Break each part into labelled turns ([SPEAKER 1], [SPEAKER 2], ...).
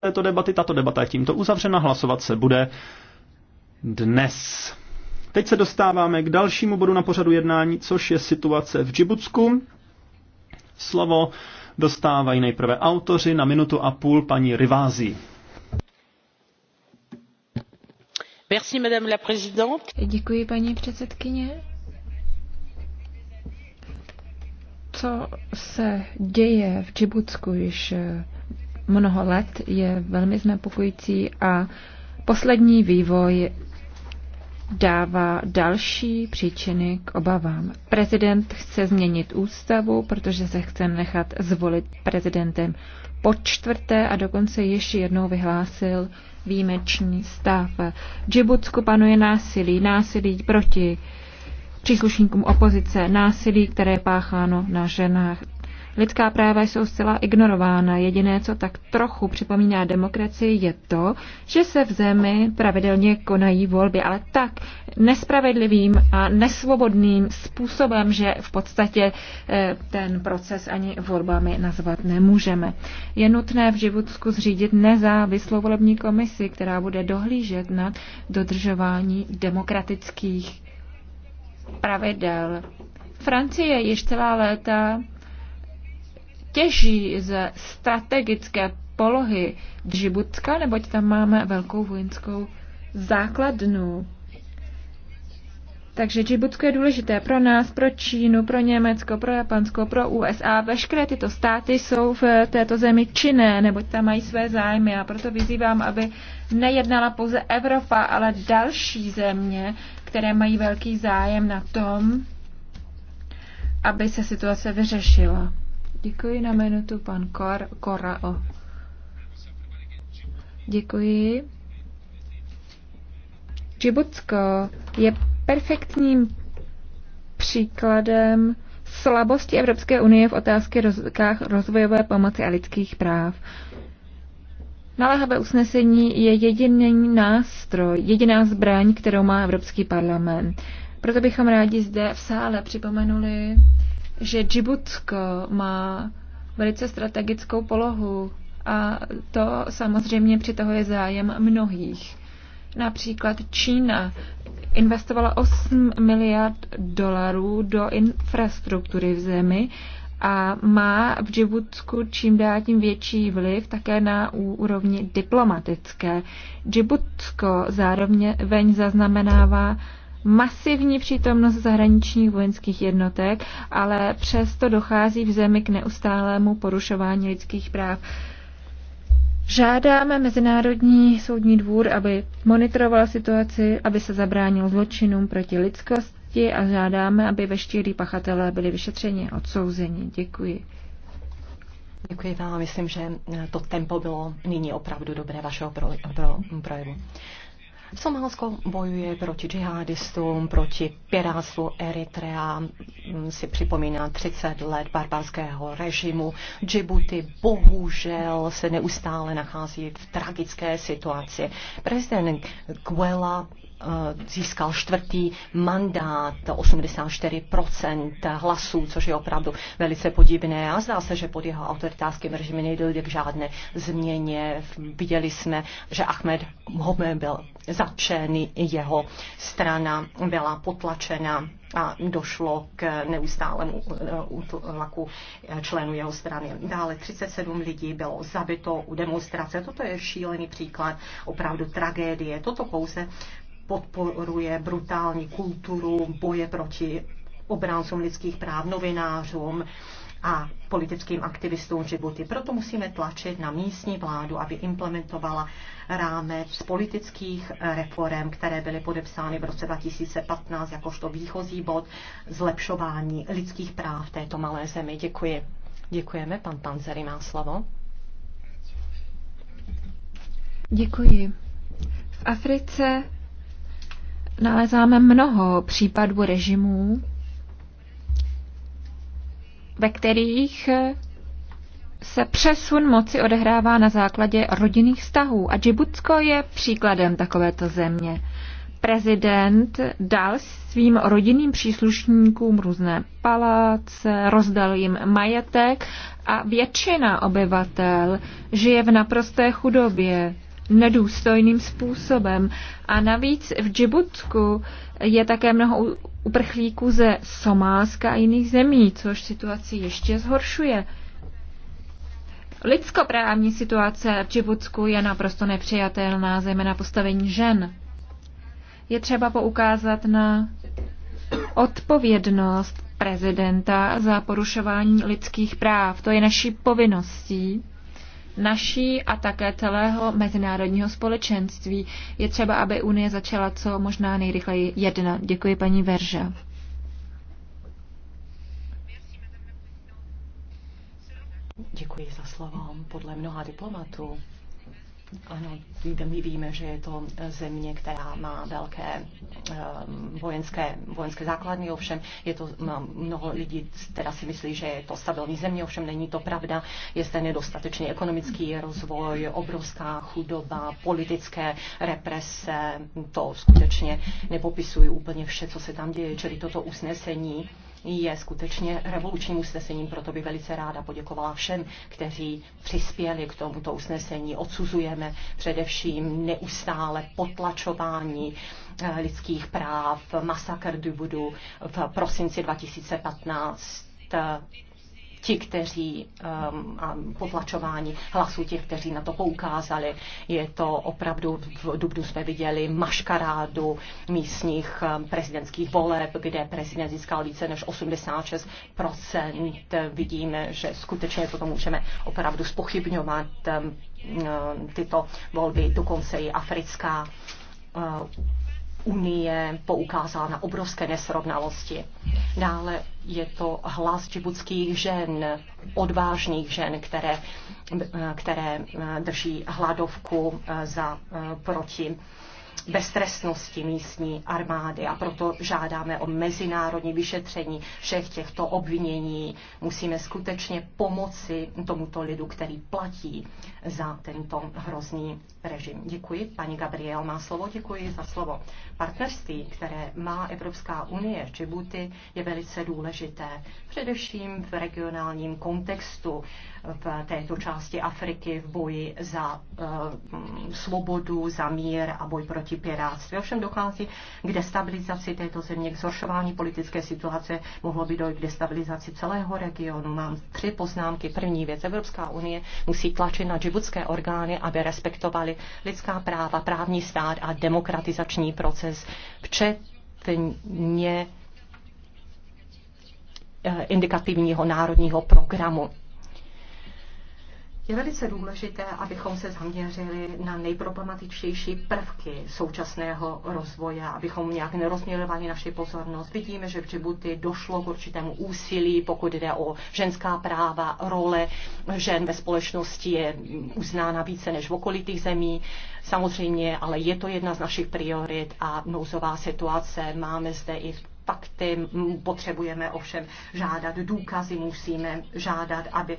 [SPEAKER 1] této debaty. Tato debata je tímto uzavřena, hlasovat se bude dnes. Teď se dostáváme k dalšímu bodu na pořadu jednání, což je situace v Džibutsku. Slovo dostávají nejprve autoři na minutu a půl paní Rivázi.
[SPEAKER 2] Merci, madame la présidente.
[SPEAKER 3] Děkuji, paní předsedkyně. Co se děje v Džibutsku již mnoho let je velmi znepokojící a poslední vývoj dává další příčiny k obavám. Prezident chce změnit ústavu, protože se chce nechat zvolit prezidentem po čtvrté a dokonce ještě jednou vyhlásil výjimečný stav. V Džibutsku panuje násilí, násilí proti příslušníkům opozice, násilí, které je pácháno na ženách. Lidská práva jsou zcela ignorována. Jediné, co tak trochu připomíná demokracii, je to, že se v zemi pravidelně konají volby, ale tak nespravedlivým a nesvobodným způsobem, že v podstatě eh, ten proces ani volbami nazvat nemůžeme. Je nutné v Živutsku zřídit nezávislou volební komisi, která bude dohlížet nad dodržování demokratických pravidel. Francie již celá léta těží ze strategické polohy Džibutska, neboť tam máme velkou vojenskou základnu. Takže Džibutsko je důležité pro nás, pro Čínu, pro Německo, pro Japonsko, pro USA. Veškeré tyto státy jsou v této zemi činné, neboť tam mají své zájmy a proto vyzývám, aby nejednala pouze Evropa, ale další země, které mají velký zájem na tom, aby se situace vyřešila. Děkuji na minutu pan Kor, Korao. Děkuji. Džibutsko je perfektním příkladem slabosti Evropské unie v otázkách rozvojové pomoci a lidských práv. Naléhavé usnesení je jediný nástroj, jediná zbraň, kterou má Evropský parlament. Proto bychom rádi zde v sále připomenuli že Džibutsko má velice strategickou polohu a to samozřejmě přitahuje zájem mnohých. Například Čína investovala 8 miliard dolarů do infrastruktury v zemi a má v Džibutsku čím dál tím větší vliv také na úrovni diplomatické. Džibutsko zároveň zaznamenává masivní přítomnost zahraničních vojenských jednotek, ale přesto dochází v zemi k neustálému porušování lidských práv. Žádáme Mezinárodní soudní dvůr, aby monitoroval situaci, aby se zabránil zločinům proti lidskosti a žádáme, aby veškerý pachatelé byli vyšetřeni a odsouzeni. Děkuji. Děkuji vám. Myslím, že to tempo bylo nyní opravdu
[SPEAKER 2] dobré vašeho pro, pro, projevu. Somálsko bojuje proti džihadistům, proti piráctvu Eritrea, mm, si připomíná 30 let barbarského režimu. Djibouti bohužel se neustále nachází v tragické situaci. Prezident Gwela Eh, získal čtvrtý mandát, 84% hlasů, což je opravdu velice podivné a zdá se, že pod jeho autoritářským režimem nedojde k žádné změně. Viděli jsme, že Ahmed Mohamed byl zapřený, jeho strana byla potlačena a došlo k neustálému eh, útlaku členů jeho strany. Dále 37 lidí bylo zabito u demonstrace. Toto je šílený příklad opravdu tragédie. Toto pouze podporuje brutální kulturu boje proti obráncům lidských práv, novinářům a politickým aktivistům Džibuty. Proto musíme tlačit na místní vládu, aby implementovala rámec politických reform, které byly podepsány v roce 2015 jakožto výchozí bod zlepšování lidských práv v této malé zemi. Děkuji. Děkujeme. Pan Panzeri má slovo.
[SPEAKER 3] Děkuji. V Africe nalezáme mnoho případů režimů, ve kterých se přesun moci odehrává na základě rodinných vztahů. A Džibutsko je příkladem takovéto země. Prezident dal svým rodinným příslušníkům různé paláce, rozdal jim majetek a většina obyvatel žije v naprosté chudobě nedůstojným způsobem. A navíc v Džibutsku je také mnoho uprchlíků ze Somálska a jiných zemí, což situaci ještě zhoršuje. Lidskoprávní situace v Džibutsku je naprosto nepřijatelná, zejména postavení žen. Je třeba poukázat na odpovědnost prezidenta za porušování lidských práv. To je naší povinností naší a také celého mezinárodního společenství. Je třeba, aby Unie začala co možná nejrychleji jedna. Děkuji paní Verža.
[SPEAKER 2] Děkuji za slovo. Podle mnoha diplomatů ano, my víme, že je to země, která má velké ehm, vojenské, vojenské základny, ovšem je to mnoho lidí, která si myslí, že je to stabilní země, ovšem není to pravda. Je zde nedostatečný ekonomický rozvoj, obrovská chudoba, politické represe, to skutečně nepopisují úplně vše, co se tam děje, čili toto usnesení je skutečně revolučním usnesením, proto by velice ráda poděkovala všem, kteří přispěli k tomuto usnesení. Odsuzujeme především neustále potlačování eh, lidských práv, masakr Dubudu v prosinci 2015 ti, kteří um, potlačování hlasů těch, kteří na to poukázali. Je to opravdu, v Dubnu jsme viděli maškarádu místních um, prezidentských voleb, kde prezident získal více než 86%. Vidíme, že skutečně to můžeme opravdu spochybňovat um, um, tyto volby, dokonce i africká uh, Unie poukázala na obrovské nesrovnalosti. Dále je to hlas džibutských žen, odvážných žen, které, eh, které eh, drží hladovku eh, za proti beztrestnosti místní armády a proto žádáme o mezinárodní vyšetření všech těchto obvinění. Musíme skutečně pomoci tomuto lidu, který platí za tento hrozný režim. Děkuji. Paní Gabriel má slovo. Děkuji za slovo. Partnerství, které má Evropská unie v Džibuti, je velice důležité, především v regionálním kontextu v této části Afriky v boji za uh, svobodu, za mír a boj proti pirátství. Ovšem dochází k destabilizaci této země, k zhoršování politické situace, mohlo by dojít k destabilizaci celého regionu. Mám tři poznámky. První věc, Evropská unie musí tlačit na džibutské orgány, aby respektovali lidská práva, právní stát a demokratizační proces, včetně eh, indikativního národního programu je velice důležité, abychom se zaměřili na nejproblematičtější prvky současného rozvoje, abychom nějak nerozmělovali naši pozornost. Vidíme, že v Džibuti došlo k určitému úsilí, pokud jde o ženská práva, role žen ve společnosti je uznána více než v okolitých zemí. Samozřejmě, ale je to jedna z našich priorit a nouzová situace. Máme zde i fakty, potřebujeme ovšem žádat důkazy, musíme žádat, aby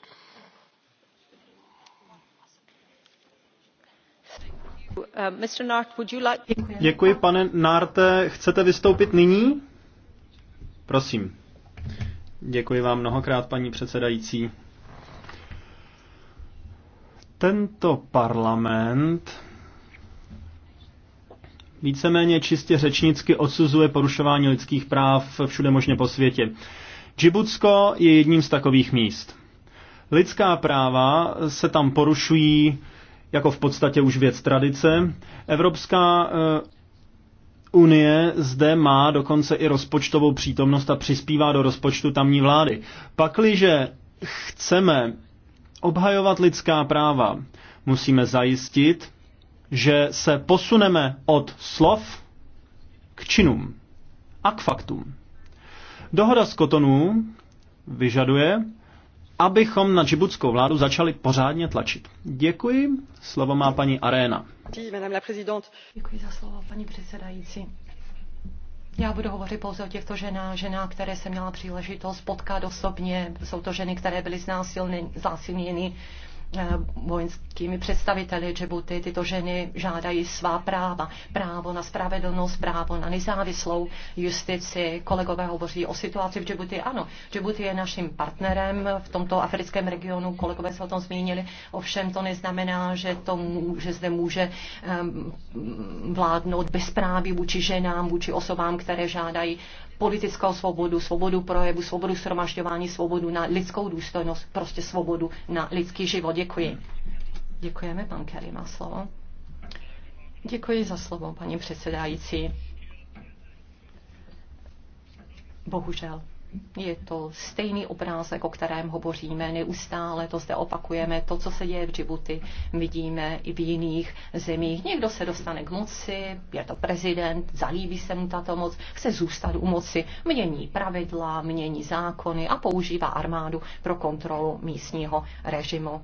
[SPEAKER 2] Uh,
[SPEAKER 1] Děkuji, pane Narte. Chcete vystoupit nyní? Prosím. Děkuji vám mnohokrát, paní předsedající. Tento parlament víceméně čistě řečnicky odsuzuje porušování lidských práv všude možně po světě. Džibutsko je jedním z takových míst. Lidská práva se tam porušují jako v podstatě už věc tradice. Evropská eh, Unie zde má dokonce i rozpočtovou přítomnost a přispívá do rozpočtu tamní vlády. Pakliže chceme obhajovat lidská práva, musíme zajistit, že se posuneme od slov k činům a k faktům. Dohoda z Kotonu vyžaduje, abychom na džibutskou vládu začali pořádně tlačit. Děkuji. Slovo má paní Arena.
[SPEAKER 2] Děkuji za slovo, paní předsedající. Já budu hovořit pouze o těchto ženách, ženách, které se měla příležitost potkat osobně. Jsou to ženy, které byly znásilněny Eh, vojenskými představiteli Džibuty. Tyto ženy žádají svá práva. Právo na spravedlnost, právo na nezávislou justici. Kolegové hovoří o situaci v Džibuty. Ano, Džibuty je naším partnerem v tomto africkém regionu. Kolegové se o tom zmínili. Ovšem to neznamená, že, to, že zde může eh, vládnout bezpráví vůči ženám, vůči osobám, které žádají politickou svobodu, svobodu projevu, svobodu shromažďování, svobodu na lidskou důstojnost, prostě svobodu na lidský život. Děkuji. Děkujeme, pan Kelly má slovo. Děkuji za slovo, paní předsedající. Bohužel, je to stejný obrázek, o kterém hovoříme neustále, to zde opakujeme, to, co se děje v Džibuti, vidíme i v jiných zemích. Někdo se dostane k moci, je to prezident, zalíbí se mu tato moc, chce zůstat u moci, mění pravidla, mění zákony a používá armádu pro kontrolu místního režimu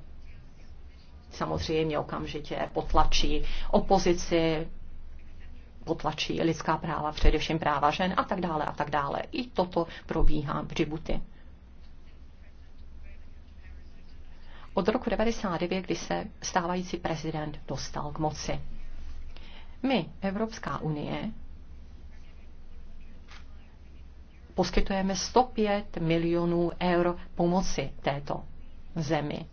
[SPEAKER 2] samozřejmě okamžitě potlačí opozici, potlačí lidská práva, především práva žen a tak dále a tak dále. I toto probíhá v Džibuti. Od roku 1999, kdy se stávající prezident dostal k moci. My, Evropská unie, poskytujeme 105 milionů eur pomoci této zemi.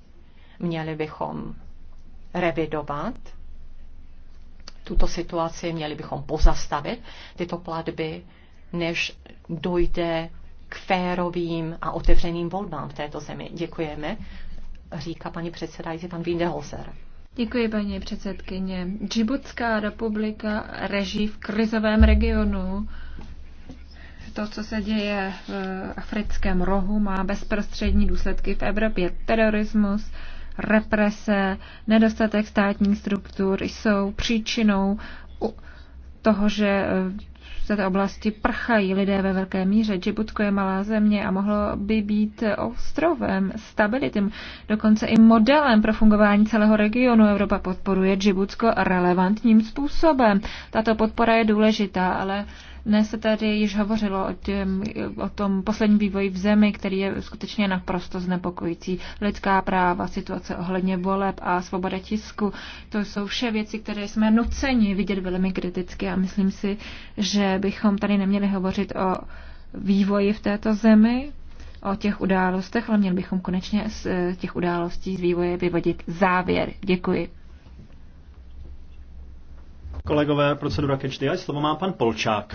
[SPEAKER 2] Měli bychom revidovat tuto situaci, měli bychom pozastavit tyto platby, než dojde k férovým a otevřeným volbám v této zemi. Děkujeme, říká paní předsedající pan Windeholzer.
[SPEAKER 3] Děkuji, paní předsedkyně. Džibutská republika reží v krizovém regionu. To, co se děje v africkém rohu, má bezprostřední důsledky v Evropě. Terorismus, represe, nedostatek státních struktur jsou příčinou toho, že z eh, této oblasti prchají lidé ve velké míře. Džibutko je malá země a mohlo by být ostrovem stability, dokonce i modelem pro fungování celého regionu. Evropa podporuje Džibutsko relevantním způsobem. Tato podpora je důležitá, ale dnes se tady již hovořilo o, těm, o tom posledním vývoji v zemi, který je skutečně naprosto znepokojící. Lidská práva, situace ohledně voleb a svoboda tisku, to jsou vše věci, které jsme nuceni vidět velmi kriticky a myslím si, že bychom tady neměli hovořit o vývoji v této zemi, o těch událostech, ale měli bychom konečně z eh, těch událostí z vývoje vyvodit závěr. Děkuji.
[SPEAKER 1] Kolegové, procedura catch the slovo má pan Polčák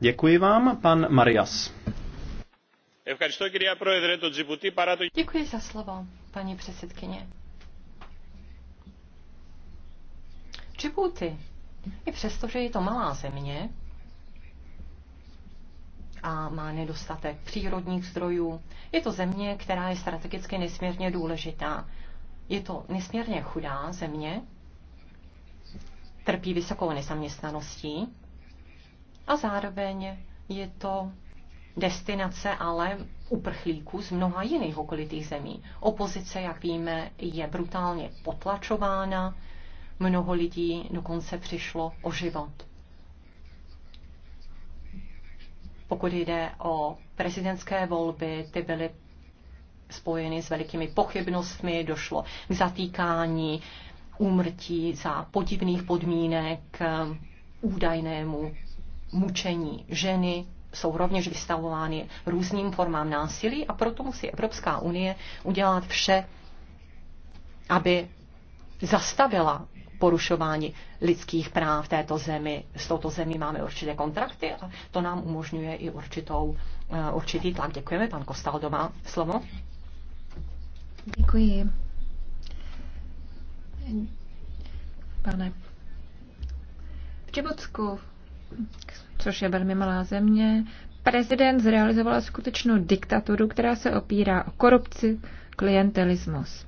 [SPEAKER 1] Děkuji vám, pan Marias.
[SPEAKER 2] Děkuji za slovo, paní předsedkyně. Djibouti, i přesto, že je to malá země a má nedostatek přírodních zdrojů, je to země, která je strategicky nesmírně důležitá. Je to nesmírně chudá země, trpí vysokou nezaměstnaností, a zároveň je to destinace ale uprchlíků z mnoha jiných okolitých zemí. Opozice, jak víme, je brutálně potlačována, mnoho lidí dokonce přišlo o život. Pokud jde o prezidentské volby, ty byly spojeny s velikými pochybnostmi, došlo k zatýkání, úmrtí za podivných podmínek, eh, údajnému mučení ženy jsou rovněž vystavovány různým formám násilí a proto musí Evropská unie udělat vše, aby zastavila porušování lidských práv této zemi. S touto zemí máme určité kontrakty a to nám umožňuje i určitou, eh, určitý tlak. Děkujeme. Pan Kostal, doma slovo.
[SPEAKER 3] Děkuji. Pane. V Čebocku což je velmi malá země, prezident zrealizoval skutečnou diktaturu, která se opírá o korupci, klientelismus.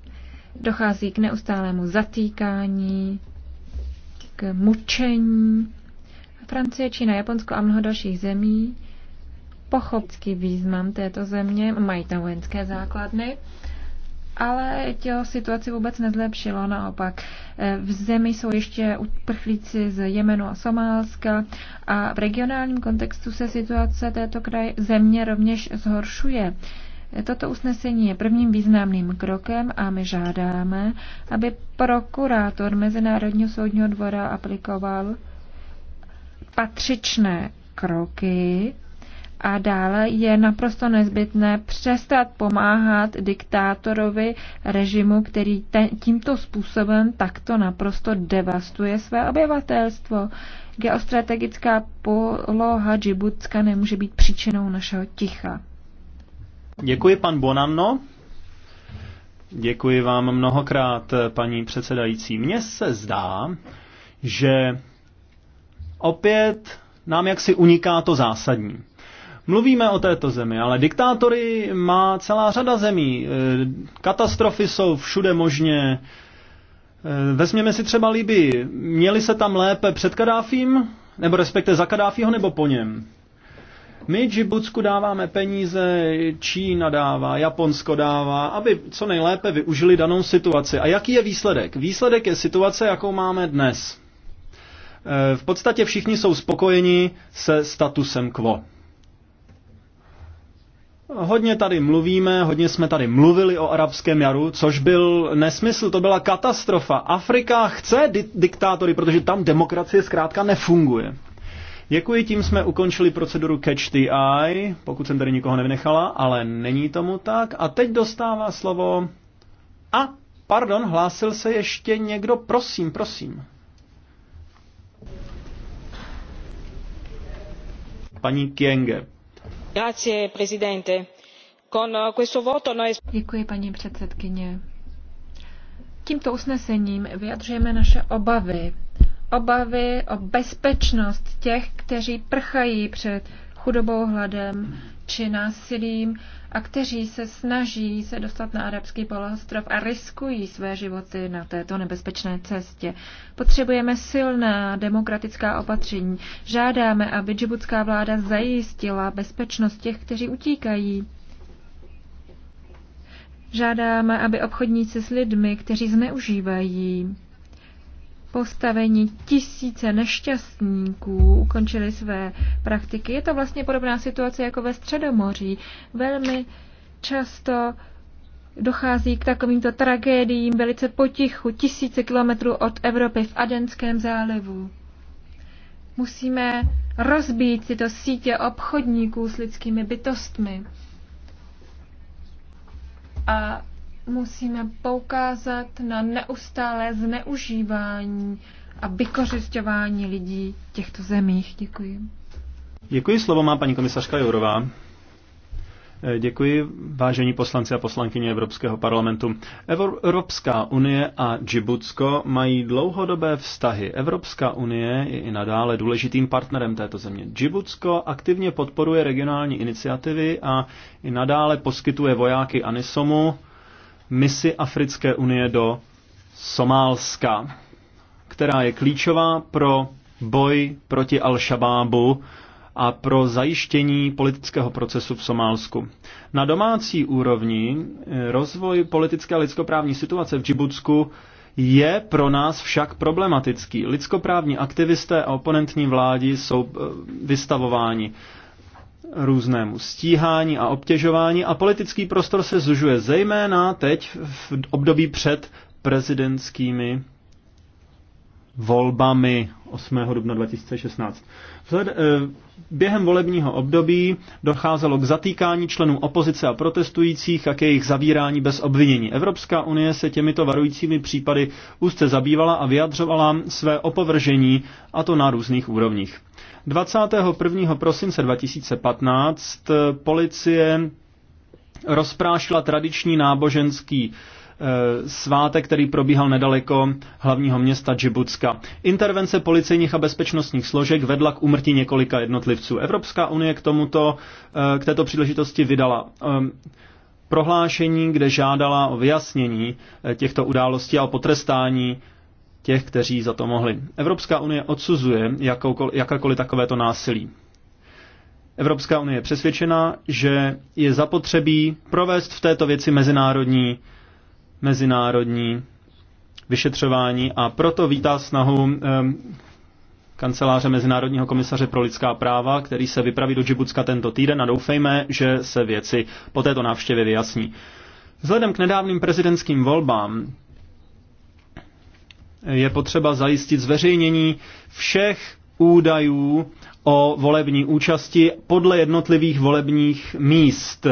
[SPEAKER 3] Dochází k neustálému zatýkání, k mučení. Francie, Čína, Japonsko a mnoho dalších zemí pochopský význam této země, mají tam vojenské základny ale tělo situaci vůbec nezlepšilo, naopak. E, v zemi jsou ještě uprchlíci z Jemenu a Somálska a v regionálním kontextu se situace této kraj země rovněž zhoršuje. E, toto usnesení je prvním významným krokem a my žádáme, aby prokurátor Mezinárodního soudního dvora aplikoval patřičné kroky a dále je naprosto nezbytné přestat pomáhat diktátorovi režimu, který te- tímto způsobem takto naprosto devastuje své obyvatelstvo. Geostrategická poloha Džibutska nemůže být příčinou našeho ticha.
[SPEAKER 1] Děkuji, pan Bonanno. Děkuji vám mnohokrát, paní předsedající. Mně se zdá, že opět nám jaksi uniká to zásadní. Mluvíme o této zemi, ale diktátory má celá řada zemí. Eh, katastrofy jsou všude možně. Eh, vezměme si třeba Libii. Měli se tam lépe před Kadáfím, nebo respektive za Kadáfího, nebo po něm? My Džibutsku dáváme peníze, Čína dává, Japonsko dává, aby co nejlépe využili danou situaci. A jaký je výsledek? Výsledek je situace, jakou máme dnes. Eh, v podstatě všichni jsou spokojeni se statusem quo. Hodně tady mluvíme, hodně jsme tady mluvili o arabském jaru, což byl nesmysl, to byla katastrofa. Afrika chce di- diktátory, protože tam demokracie zkrátka nefunguje. Děkuji, tím jsme ukončili proceduru Catch the Eye, pokud jsem tady nikoho nevynechala, ale není tomu tak. A teď dostává slovo... A, pardon, hlásil se ještě někdo, prosím, prosím. Paní Kienge,
[SPEAKER 3] Děkuji, paní předsedkyně. Tímto usnesením vyjadřujeme naše obavy. Obavy o bezpečnost těch, kteří prchají před chudobou, hladem či násilím a kteří se snaží se dostat na arabský poloostrov a riskují své životy na této nebezpečné cestě. Potřebujeme silná demokratická opatření. Žádáme, aby džibutská vláda zajistila bezpečnost těch, kteří utíkají. Žádáme, aby obchodníci s lidmi, kteří zneužívají postavení tisíce nešťastníků ukončili své praktiky. Je to vlastně podobná situace jako ve Středomoří. Velmi často dochází k takovýmto tragédiím velice potichu, tisíce kilometrů od Evropy v Adenském zálivu. Musíme rozbít tyto sítě obchodníků s lidskými bytostmi. A musíme poukázat na neustálé zneužívání a vykořišťování lidí v těchto zemích. Děkuji.
[SPEAKER 1] Děkuji, slovo má paní komisařka Jourová. Eh, děkuji, vážení poslanci a poslankyně Evropského parlamentu. Evropská unie a Džibutsko mají dlouhodobé vztahy. Evropská unie je i nadále důležitým partnerem této země. Džibutsko aktivně podporuje regionální iniciativy a i nadále poskytuje vojáky Anisomu, misi Africké unie do Somálska, která je klíčová pro boj proti Al-Shabábu a pro zajištění politického procesu v Somálsku. Na domácí úrovni eh, rozvoj politické a lidskoprávní situace v Džibutsku je pro nás však problematický. Lidskoprávní aktivisté a oponentní vládi jsou eh, vystavováni různému stíhání a obtěžování a politický prostor se zužuje zejména teď v období před prezidentskými volbami 8. dubna 2016. Eh, během volebního období docházelo k zatýkání členů opozice a protestujících a k jejich zavírání bez obvinění. Evropská unie se těmito varujícími případy úzce zabývala a vyjadřovala své opovržení, a to na různých úrovních. 21. prosince 2015 eh, policie rozprášila tradiční náboženský eh, svátek, který probíhal nedaleko hlavního města Džibutska. Intervence policejních a bezpečnostních složek vedla k umrtí několika jednotlivců. Evropská unie k tomuto, eh, k této příležitosti vydala ehm, prohlášení, kde žádala o vyjasnění těchto událostí a o potrestání těch, kteří za to mohli. Evropská unie odsuzuje jakákoliv takovéto násilí. Evropská unie je přesvědčena, že je zapotřebí provést v této věci mezinárodní, mezinárodní vyšetřování a proto vítá snahu um, kanceláře Mezinárodního komisaře pro lidská práva, který se vypraví do Džibutska tento týden a doufejme, že se věci po této návštěvě vyjasní. Vzhledem k nedávným prezidentským volbám je potřeba zajistit zveřejnění všech údajů o volební účasti podle jednotlivých volebních míst.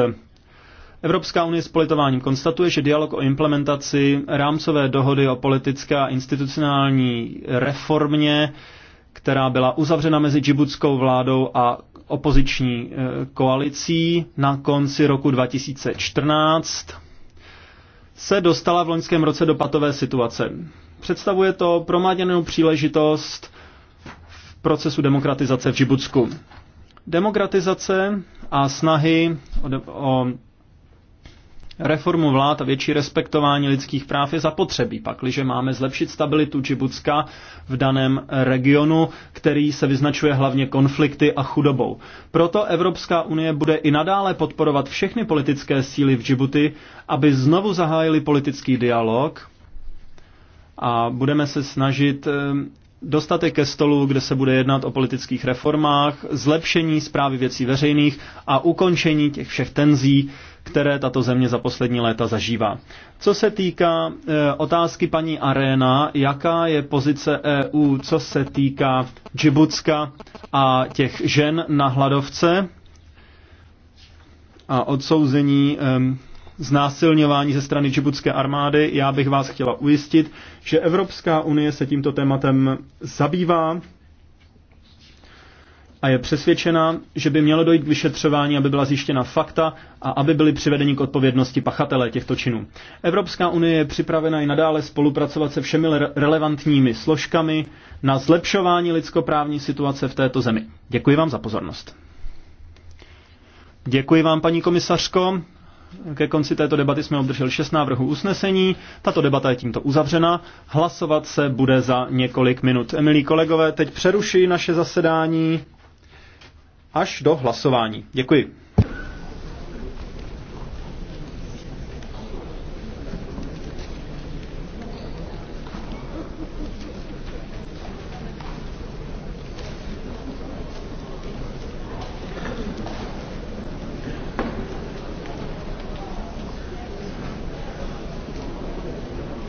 [SPEAKER 1] Evropská unie s politováním konstatuje, že dialog o implementaci rámcové dohody o politické a institucionální reformě, která byla uzavřena mezi džibutskou vládou a opoziční eh, koalicí na konci roku 2014, se dostala v loňském roce do patové situace. Představuje to promáděnou příležitost v procesu demokratizace v Žibutsku. Demokratizace a snahy o, o reformu vlád a větší respektování lidských práv je zapotřebí, pakliže máme zlepšit stabilitu Džibutska v daném regionu, který se vyznačuje hlavně konflikty a chudobou. Proto Evropská unie bude i nadále podporovat všechny politické síly v Džibuti, aby znovu zahájili politický dialog a budeme se snažit eh, dostatek ke stolu, kde se bude jednat o politických reformách, zlepšení zprávy věcí veřejných a ukončení těch všech tenzí, které tato země za poslední léta zažívá. Co se týká e, otázky paní Arena, jaká je pozice EU, co se týká Džibutska a těch žen na hladovce a odsouzení e, znásilňování ze strany džibutské armády. Já bych vás chtěla ujistit, že Evropská unie se tímto tématem zabývá a je přesvědčena, že by mělo dojít k vyšetřování, aby byla zjištěna fakta a aby byly přivedeni k odpovědnosti pachatelé těchto činů. Evropská unie je připravena i nadále spolupracovat se všemi relevantními složkami na zlepšování lidskoprávní situace v této zemi. Děkuji vám za pozornost. Děkuji vám, paní komisařko. Ke konci této debaty jsme obdrželi šest návrhů usnesení. Tato debata je tímto uzavřena. Hlasovat se bude za několik minut. Milí kolegové, teď přeruší naše zasedání až do hlasování. Děkuji.